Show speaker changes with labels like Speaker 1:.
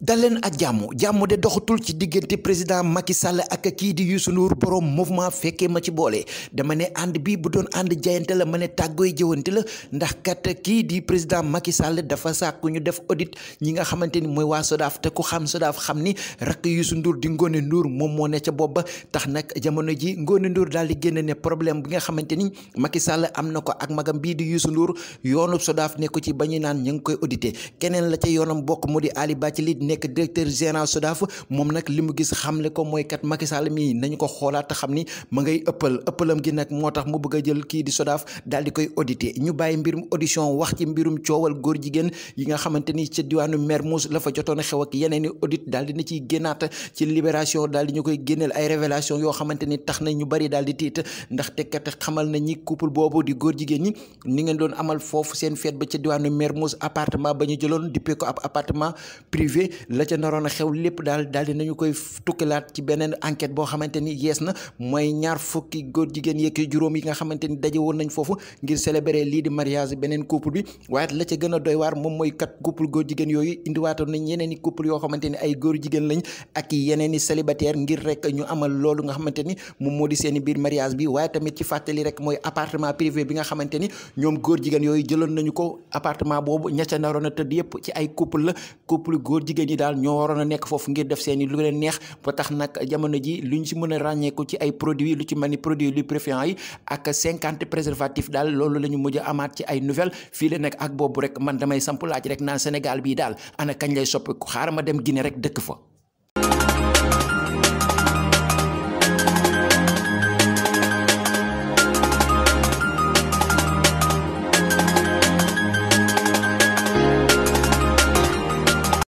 Speaker 1: dal leen ak jàmm jàmm de doxatul ci diggante président Macky Sall ak kii di Youssou Ndour borom mouvement fekkee ma ci boole dama ne ànd bi bu doon ànd jaayante la ma ne tàggooy jëwante la ndax kat kii di président Macky Sall dafa sàkku ñu def audit ñi nga xamante ni mooy waa Sodaaf te ku xam Sodaaf xam ni rakk Youssou Ndour di ngoone nduur moom moo ne ca bopp ba tax nag jamono ji Ngone nduur daal di génne ne problème bi nga xamante ni Macky Sall am na ko ak magam bii di Youssou Ndour yoonu Sodaaf ne ko ci ba ñu naan ñu ngi koy audité keneen la ca yoonam bokk mu di Ali Bathily nekk directeur général SODAV moom nag li mu gis xamle ko moykat kat Macky mii nañu ko xoolaat te xam ni mu ngay ëppal ëppalam gi nag moo tax mu bëgg a jël kii di SODAV daal di koy auditer ñu bàyyi mbirum audition wax ci mbirum coowal góor jigéen yi nga xamante ni ca diwaanu Mermoz la fa jotoon a xew ak yeneen i audit dal di na ciy génnaat ci libération dal di ñu koy génneel ay révélation yoo xamante ni tax na ñu bari daal di tiit ndaxte kat xamal na ñi couple boobu di góor jigéen ñi ni ngeen doon amal foofu seen fête ba ca diwaanu Mermoz appartement ba ñu jëloon dippee ko ab appartement privé la ca a xew lépp daal daal nañu koy tukkilaat ci beneen enquête boo xamante ni yees na mooy ñaar fukki góor jigéen yeeg juróom yi nga xamante ni daje woon nañ foofu ngir célébrer lii di mariage beneen couple bi waaye la ca gën a doy waar moom mooy kat couple góor jigéen yooyu indiwaatoon nañ yeneen i couple yoo xamante ni góor jigéen lañ ak yeneen i célibataire ngir rek ñu amal loolu nga xamante ni moom moo di seen i biir mariage bi waaye tamit ci fàttali rek mooy appartement privé bi nga xamante ni ñoom góor jigéen yooyu jëloon nañu ko apartement boobu ña ca naroon a tëdd yëpp ci ay couple la couple góor jigéen di daal ñoo waroon a nekk foofu ngir def seen lu leen neex ba tax nag jamono ji ñu si mën a ràññeeku ci ay produits lu ci mel ni produit lubrifiant yi ak cinquante préservatifs daal loolu la ñu mujj amaat ci ay nouvelles fii la nekk ak boobu rek man damay samp laaj rek naan Sénégal bii daal ana kañ lay soppi xaaral ma dem Guinée rek dëkk fa